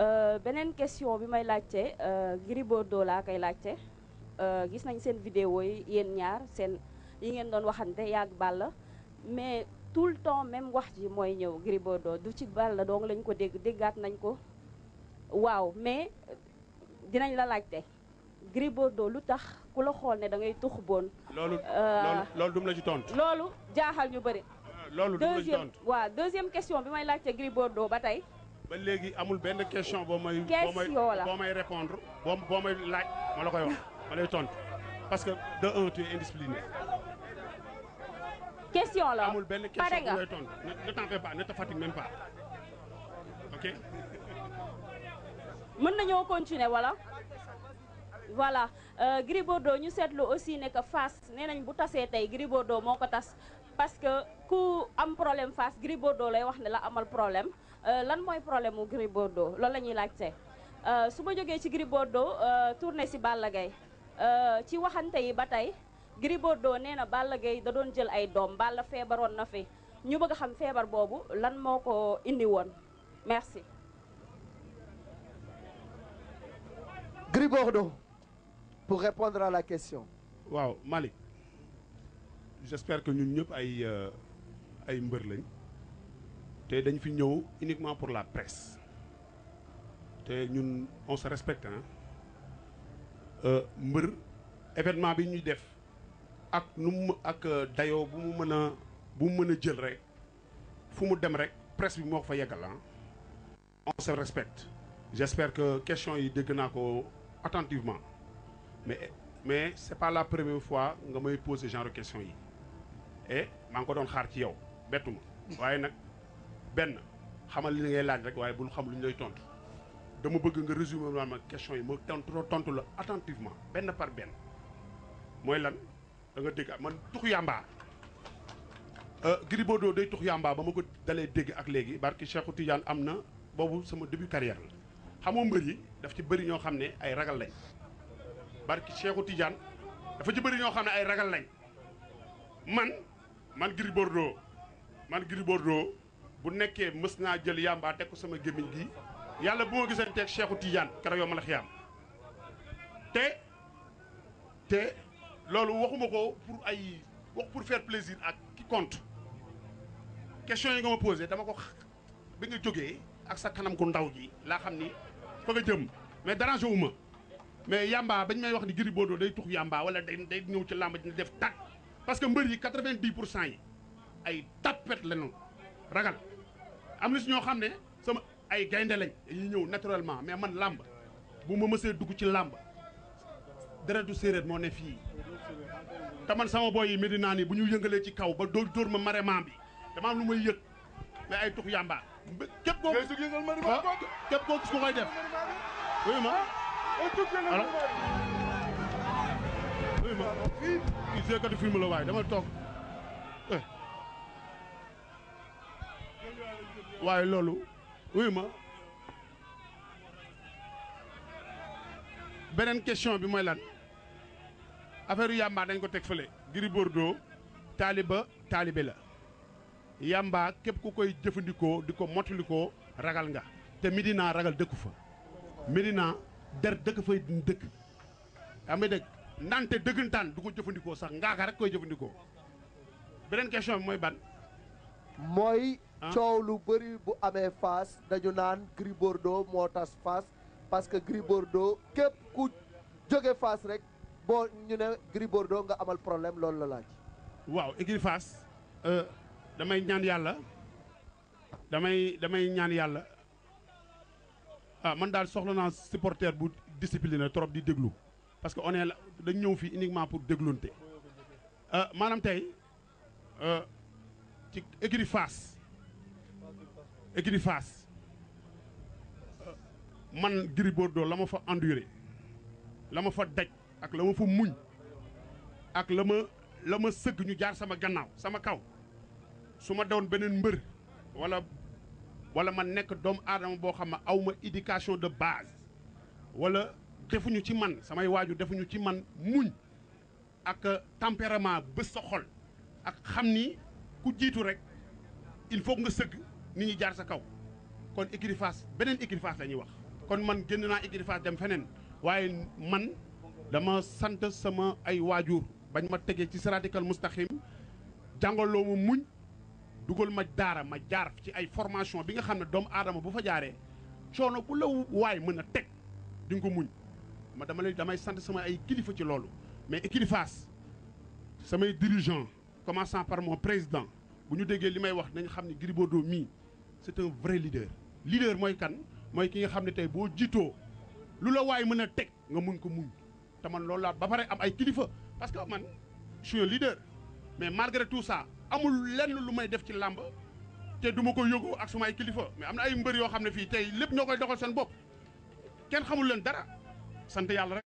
Euh, beneen question bi may laajte euh, Gris Bordeaux laa koy laajte euh, gis nañ seen vidéo yi yéen ñaar seen yi ngeen doon waxante yàgg la mais tout le temps même wax ji mooy ñëw Gris Bordeaux du ci la dong lañu ko dégg déggaat nañ ko waaw mais dinañ la laajte Gris Bordeaux lu tax ku la xool ne da ngay tux boon. loolu loolu dum la ci tontu. loolu jaaxal ñu bëri. loolu dum la ci tontu deuxième waaw question bi may laajte Gris Bordeaux ba tey. ba léegi amul benn question boo may. question la boo may répondre boo may laaj ma la koy wax ma lay tontu parce que de un tu question la amul benn question bu may tontu ne t'en fais ne te fatigue même pas mën nañoo continuer wala. voilà euh, Gris Bordeaux ñu seetlu aussi ne que Fass nee nañ bu tasee tey Gris Bordeaux moo ko tas parce que ku am problème Fass Gris Bordeaux lay wax ne la amal problème. Euh, lan mooy problème mu Gris Bordeaux loolu la ñuy laajte euh, su ma jógee ci Gris Bordeaux euh, tourné si Balla Gaye ci waxante yi ba tey Gris Bordeaux nee na Balla Gaye da doon jël ay doom Balla feebaroon na fi ñu bëgg a xam feebar boobu lan moo ko indi woon merci. Gris pour répondre à la question. waaw Malick j'espère que ñun ñëpp ay ay mbër lañ. nous dañ fi uniquement pour la presse Et ñun on se respecte ah mbër événement bi ñuy def ak nu mu ak euh, dayoo bu mu mën a bu mu mën a jël rek fu dem rek presse bi moo fa hein. on se respecte j'espère que question yi dégg attentivement mais mais n'est pas la première fois nga may poser genre question yi et je ngi ko doon xaar ci yow bettu benn xamal li ngay laaj rek waaye bul xam lu ñu lay tontu dama bëgg nga résumer ma ma question yi ma tontu tontu la attentivement benn par benn mooy lan da dégg dégg man tux yàmbaa euh, Gris Bordeaux day tux yàmbaa ba ma ko dalee dégg ak léegi barki Cheikhou Tidiane am na boobu sama début carrière la xamoo mbër yi daf ci bëri ñoo xam ne ay ragal lañ barki Cheikhou Tidiane dafa ci bëri ñoo xam ne ay ragal lañ man man Gris Bordeaux man Gris bu nekkee mës naa jël yàmbaa teg ko sama gémmiñ gi yàlla bu ma gisanteeg Cheikhu Tidiane kara yow ma la xiyaam te te loolu waxuma ko pour ay wax pour faire plaisir ak ki compte question yi nga ma posé dama ko bi nga jógee ak sa kanam ku ndaw gi laa xam ni fa nga jëm mais dérangé wu ma mais yàmbaa bañ may wax ni Gris Bordeaux day tux yàmbaa wala day day ñëw ci làmb dina def tàkk parce que mbër yi quatre-vingt-dix pour cent yi ay tapet lañu ragal am na si ñoo xamne sama ay gaynde lañ dañuy ñew naturellement mais man lamb bu ma mësee dugg ci lamb dara du séeréer mo ne fi ta man sama boy yi Medina ni bu ñu yëngalé ci kaw ba do dóor ma marainement bi dama am lu may yëk mais ay tuk yamba kep ko kep ko ko koy def oui ma oui ma fii ka du film la way dama tok waaye loolu wuyu ma beneen question bi mooy lan affaire yàmbaa dañ ko teg fële. Gris Bordeaux taaliba taalibe la yàmbaa képp ku koy jëfandikoo di ko motulikoo ragal nga te Médina ragal dëkku fa Médina der dëkk fay dëkk xam nga dëgg ndante dëggantaan du ko jëfandikoo sax ngaaka rek koy jëfandikoo beneen question bi mooy ban mooy coow lu bari bu amé Fass dañu nan gri Bordeaux mo tass Fass parce que Gri Bordeaux kep ku joggé Fass rek bo ñu né gri Bordeaux nga amal problème lool la laaj. waaw écurie euh damay ñaan yalla damay damay ñaan yalla ah man dal soxla na supporter bu discipliné trop di déglu parce que on est da ñëw fi uniquement pour euh, manam tay euh ci écurie Fass. écurie Fass euh, man Gris Bordeaux la ma fa enduré la ma fa daj ak la ma fa muñ ak la ma la ma sëgg ñu jaar sama gannaaw sama kaw su ma doon beneen mbër wala wala ma nekk doomu aadama boo xam ne aw ma éducation de base wala defuñu ci man samay waajur defuñu ci man muñ ak tempérament bés sa xol ak xam ni ku jiitu rek il faut nga sëgg ni ñi jaar sa kaw kon écurie beneen écurie lañuy wax kon man génn naa écurie dem feneen waaye man dama sant sama ay waajur bañ ma tegee ci siraatal mustaqim jàngaloo ma muñ dugal ma daara ma jaar ci ay formation bi nga xam ne doomu aadama bu fa jaaree coono bu la waay mën a teg di ko muñ ma dama lay damay sant sama ay kilifa ci loolu mais écurie samay dirigeant commençant par mon président bu ñu déggee li may wax nañu xam ne Gris Bordeaux mii c'est un vrai leader leader moi kan moi ki nga xam ne tey boo jiitoo lu la waay a teg nga mun ko muñ te man loolu ba pare am ay kilifa parce que man je suis un leader mais malgré tout ça amul lenn lu may def ci lamb té duma ko yogo ak suma ay kilifa mais amna ay mbeur yo xamné fi tay lepp ñokoy doxal sen bop ken xamul leen dara sante yalla